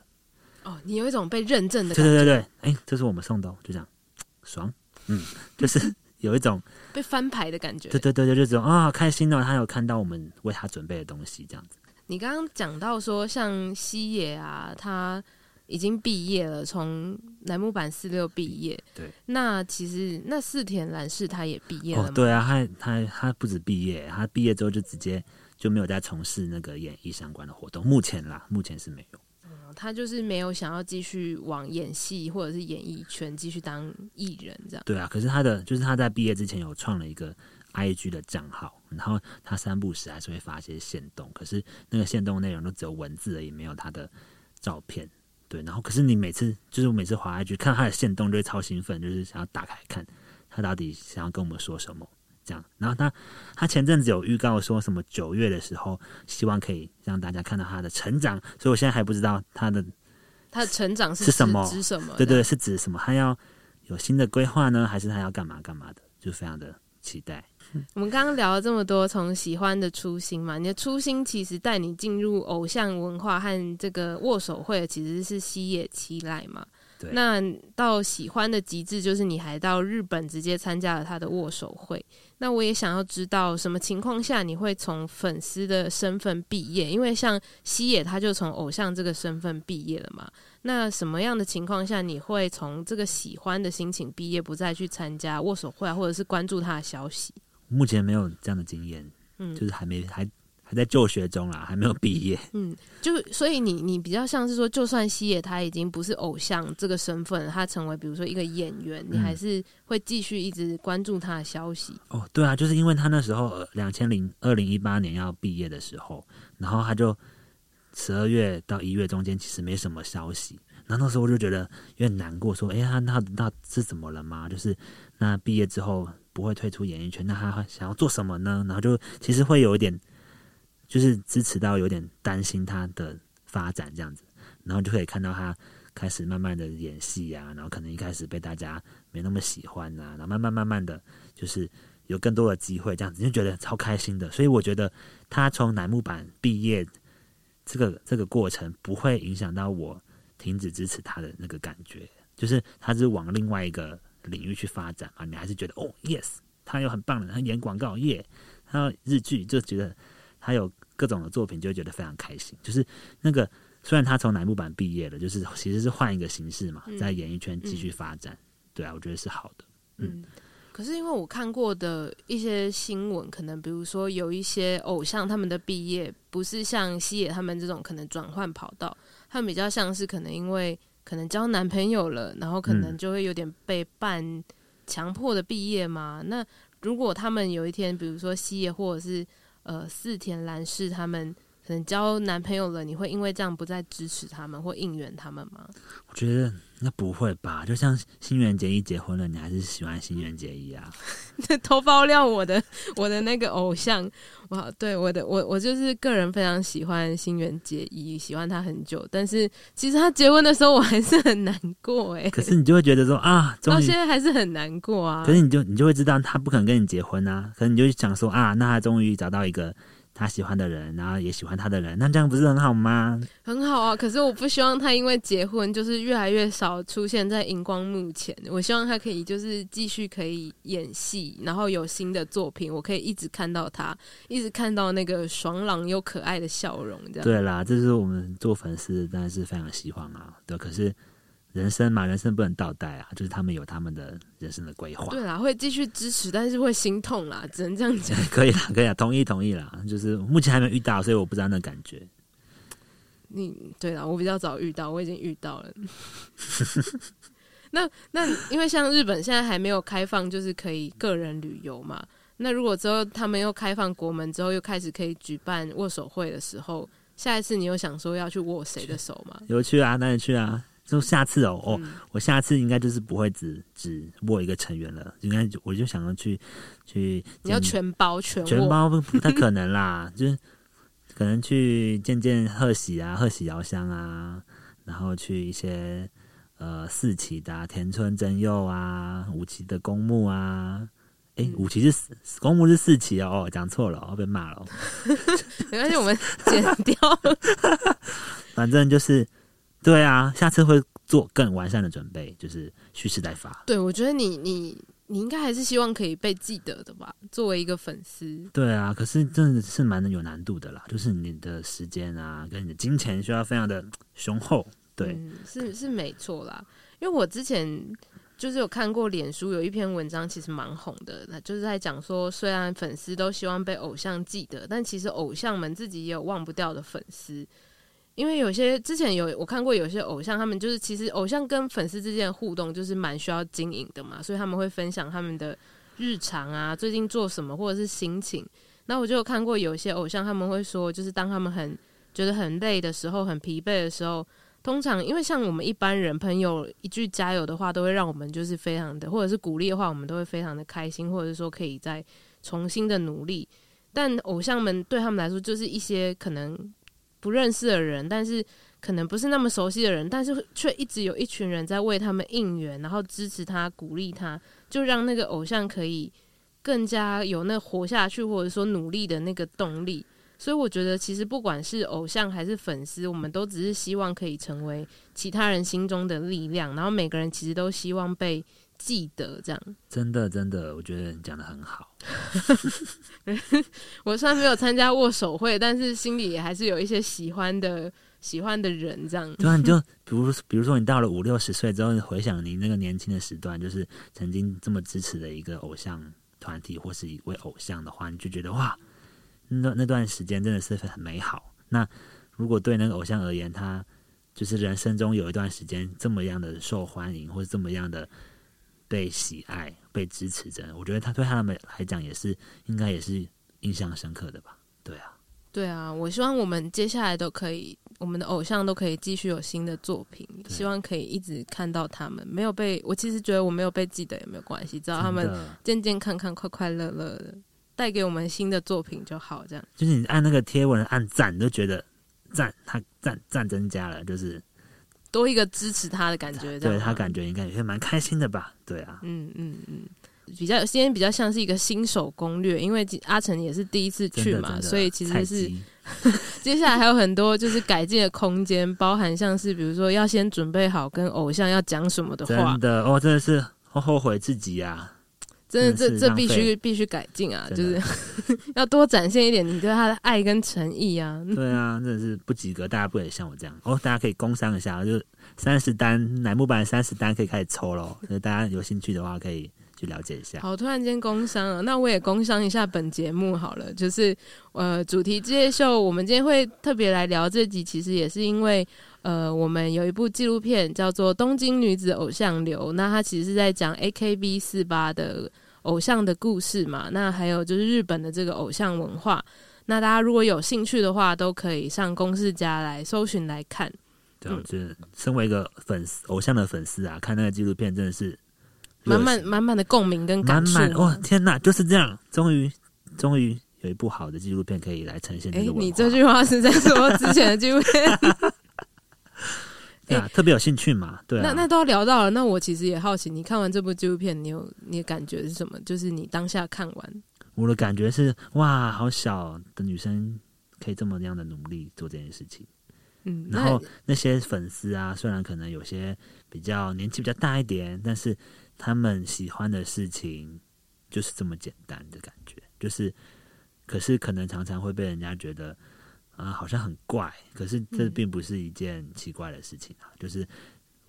哦，你有一種被認證的感覺，對對對對，哎、欸，這是我們送的、哦，就這樣。爽，嗯，就是有一種 被翻牌的感覺。對對對對，就是，這種啊，哦，好開心哦。他有看到我們為他準備的東西，這樣子。你剛剛講到說，像西野啊，他已經畢業了，從乃木坂46畢業。對。那其實那寺田蘭世他也畢業了，哦。對啊，他他他不止畢業，他畢業之後就直接就沒有再從事那個演藝相關的活動。目前啦，目前是沒有。他就是沒有想要繼續往演戲或者是演藝圈繼續當藝人這樣。對啊，可是他的就是他在畢業之前有創了一個 I G 的賬號，然後他時不時還是會發一些限動，可是那個限動內容都只有文字而已，沒有他的照片。對，然後可是你每次就是我每次滑 I G 看他的限動就會超興奮，就是想要打開看他到底想要跟我們說什麼。這樣，然後他，他前陣子有預告說什麼九月的時候，希望可以讓大家看到他的成長，所以我現在還不知道他的他的成長是，指是什麼指什麼？對，對對，是指什麼？他要有新的規劃呢，還是他要幹嘛幹嘛的？就非常的期待。我們剛剛聊了這麼多，從喜歡的初心嘛，你的初心其實帶你進入偶像文化和這個握手會，其實是西野七瀨嘛。那到喜歡的極致，就是你還到日本直接參加了他的握手會。那我也想要知道，什麼情況下你會從粉絲的身份畢業？因為像西野他就從偶像這個身份畢業了嘛。那什麼樣的情況下你會從這個喜歡的心情畢業，不再去參加握手會，或者是關注他的消息？目前沒有這樣的經驗，嗯，就是還沒還。在就學中啦、啊，還沒有畢業。嗯，就所以你你比較像是說，就算西野他已經不是偶像這個身份，他成為比如說一個演員，嗯、你還是會繼續一直關注他的消息。哦，對啊，就是因為他那時候兩千零二零一八年要畢業的時候，然後他就十二月到一月中間其實沒什麼消息，然後那時候我就覺得有點難過，說，哎、欸，他那那是怎麼了嗎？就是那畢業之後不會退出演藝圈，那他想要做什麼呢？然後就其實會有一點。就是支持到有點擔心他的發展這樣子，然後就可以看到他開始慢慢的演戲啊，然後可能一開始被大家沒那麼喜歡啊，然後慢慢慢慢的就是有更多的機會這樣子，就覺得超開心的。所以我覺得他從乃木坂畢業這個這個過程不會影響到我停止支持他的那個感覺，就是他是往另外一個領域去發展啊，你還是覺得哦，yes，他有很棒的，他演廣告，耶、yeah，他日劇就覺得他有。各種的作品就會覺得非常開心，就是那個雖然他從乃木坂畢業了，就是其實是換一個形式嘛，嗯、在演藝圈繼續發展、嗯，對啊，我覺得是好的嗯。嗯，可是因為我看過的一些新聞，可能比如說有一些偶像他們的畢業，不是像西野他們這種可能轉換跑道，他們比較像是可能因為可能交男朋友了，然後可能就會有點被辦強迫的畢業嘛、嗯。那如果他們有一天，比如說西野或者是。呃，寺田蘭世他們，可能交男朋友了，你會因為這樣不再支持他們或應援他們嗎？我覺得那不會吧，就像新垣結衣結婚了，你還是喜歡新垣結衣啊？偷 爆料我的我的那個偶像，我 好對我的我我就是個人非常喜歡新垣結衣，喜歡他很久，但是其實他結婚的時候我還是很難過哎、欸。可是你就會覺得說啊，到、啊、現在還是很難過啊。可是你就你就會知道他不肯跟你結婚啊，可是你就想說啊，那他終於找到一個。他喜歡的人，然後也喜歡他的人，那這樣不是很好嗎？很好啊，可是我不希望他因為結婚就是越來越少出現在熒光幕前。我希望他可以就是繼續可以演戲，然後有新的作品，我可以一直看到他，一直看到那個爽朗又可愛的笑容這樣。對啦，這是我們做粉絲當然是非常喜歡啊。對，可是。嗯人生嘛，人生不能倒帶啊！就是他們有他們的人生的規劃。對啦，會繼續支持，但是會心痛啦，只能這樣講。可以啦，可以啦，同意同意啦。就是目前還沒遇到，所以我不知道那感覺。你對啦，我比較早遇到，我已經遇到了。 那那因為像日本現在還沒有開放，就是可以個人旅遊嘛。那如果之後他們又開放國門之後，又開始可以舉辦握手會的時候，下一次你有想說要去握誰的手嗎？有去啊，哪裡去啊？就下次哦、嗯、哦，我下次應該就是不會只只握一個成員了，應該我就想要去去。你要全握全全握不太可能啦， 就是可能去見見賀喜啊，賀喜遙香啊，然後去一些呃四期的、啊、田村真佑啊，五期的弓木啊，哎、欸嗯、五期是弓木是四期哦，講、哦、錯了、哦，我被罵了、哦， 沒關係，我們剪掉， 反正就是。對啊，下次會做更完善的準備，就是蓄勢待發。對，我覺得你你你應該還是希望可以被記得的吧，作為一個粉絲。對啊，可是真的是蠻有難度的啦，就是你的時間啊，跟你的金錢需要非常的雄厚。對，嗯、是是沒錯啦，因為我之前就是有看過臉書有一篇文章，其實蠻紅的，那就是在講說，雖然粉絲都希望被偶像記得，但其實偶像們自己也有忘不掉的粉絲。因為有些之前有我看過有些偶像，他們就是其實偶像跟粉絲之間的互動就是蠻需要經營的嘛，所以他們會分享他們的日常啊，最近做什麼或者是心情。那我就有看過有些偶像他們會說，就是當他們很覺得很累的時候，很疲憊的時候，通常因為像我們一般人朋友一句加油的話，都會讓我們就是非常的，或者是鼓勵的話，我們都會非常的開心，或者是說可以再重新的努力。但偶像們對他們來說，就是一些可能。不認識的人，但是可能不是那麼熟悉的人，但是卻一直有一群人在為他們應援，然後支持他、鼓勵他，就讓那個偶像可以更加有那個活下去或者說努力的那個動力。所以我覺得，其實不管是偶像還是粉絲，我們都只是希望可以成為其他人心中的力量，然後每個人其實都希望被。記得這樣，真的真的，我覺得你講得很好。 我雖然沒有參加握手會，但是心裡也還是有一些喜歡的、喜歡的人。這樣， 對，你就比如，比如說你到了五六十歲之後，你回想您那個年輕的時段，就是曾經這麼支持的一個偶像團體或是一位偶像的話，你就覺得哇，那那段時間真的是很美好。那如果對那個偶像而言，他就是人生中有一段時間這麼樣的受歡迎，或者這麼樣的。被喜愛、被支持着，我覺得他對他們來講也是，應該也是印象深刻的吧？對啊，對啊，我希望我們接下來都可以，我們的偶像都可以繼續有新的作品，希望可以一直看到他們。沒有被我其實覺得我沒有被記得也沒有關係，只要他們健健康康、快快樂樂的帶給我們新的作品就好。這樣，就是你按那個貼文按讚，你就覺得讚他讚，讚增加了，就是。多一個支持他的感覺，他對他感覺，應該也是蠻開心的吧？對啊，嗯嗯嗯，比較今天比較像是一個新手攻略，因為阿晟也是第一次去嘛，真的真的，所以其實是 接下來還有很多就是改進的空間， 包含像是比如說要先準備好跟偶像要講什麼的話，真的哦，真的是後悔自己呀、啊。真的，這這必須必須改進啊！就是要多展現一點你對他的愛跟誠意啊！對啊，真的是不及格，大家不可以像我這樣哦！大家可以工商一下，就三十單乃木坂三十單可以開始抽嘍！那大家有興趣的話，可以去了解一下。好，突然間工商了，那我也工商一下本節目好了。就是呃，主題之夜秀，我們今天會特別來聊這集，其實也是因為呃，我們有一部紀錄片叫做《東京女子偶像流》，那它其實是在講 AKB48 的。偶像的故事嘛，那還有就是日本的這個偶像文化，那大家如果有興趣的話，都可以上公視+來搜尋來看。對，我覺得身為一個粉絲，偶像的粉絲啊，看那個紀錄片真的是滿滿滿滿的共鳴跟感觸。哦，天吶，就是這樣，終於終於有一部好的紀錄片可以來呈現這、欸、你這句話是，是在說之前的紀錄片？ 對啊，欸、特別有興趣嘛？對啊，那那都聊到了，那我其實也好奇，你看完這部紀錄片，你有你的感覺是什麼？就是你當下看完，我的感覺是哇，好小的女生可以這麼樣的努力做這件事情。嗯，然後那些粉絲啊，雖然可能有些比較年紀比較大一點，但是他們喜歡的事情就是這麼簡單的感覺，就是可是可能常常會被人家覺得。啊、嗯，好像很怪，可是這並不是一件奇怪的事情啊。嗯、就是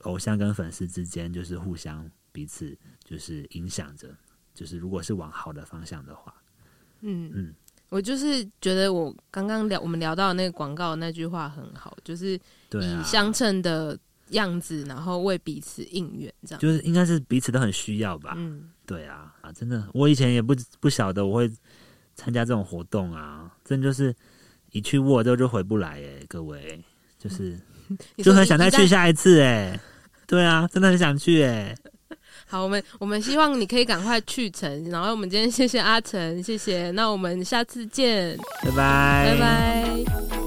偶像跟粉絲之間，就是互相彼此，就是影響着。就是如果是往好的方向的話，嗯嗯，我就是覺得我剛剛聊我們聊到那個廣告那句話很好，就是以相稱的樣子、啊，然後為彼此應援，這樣就是應該是彼此都很需要吧。嗯，對啊啊，真的，我以前也不不曉得我會參加這種活動啊，真的就是。一去沃州就回不來哎、欸，各位，就是、嗯、就很想再去下一次哎、欸，對啊，真的很想去哎、欸。好，我們我們希望你可以趕快去成，然後我們今天謝謝阿晟，謝謝，那我們下次見，嗯、拜拜，拜拜。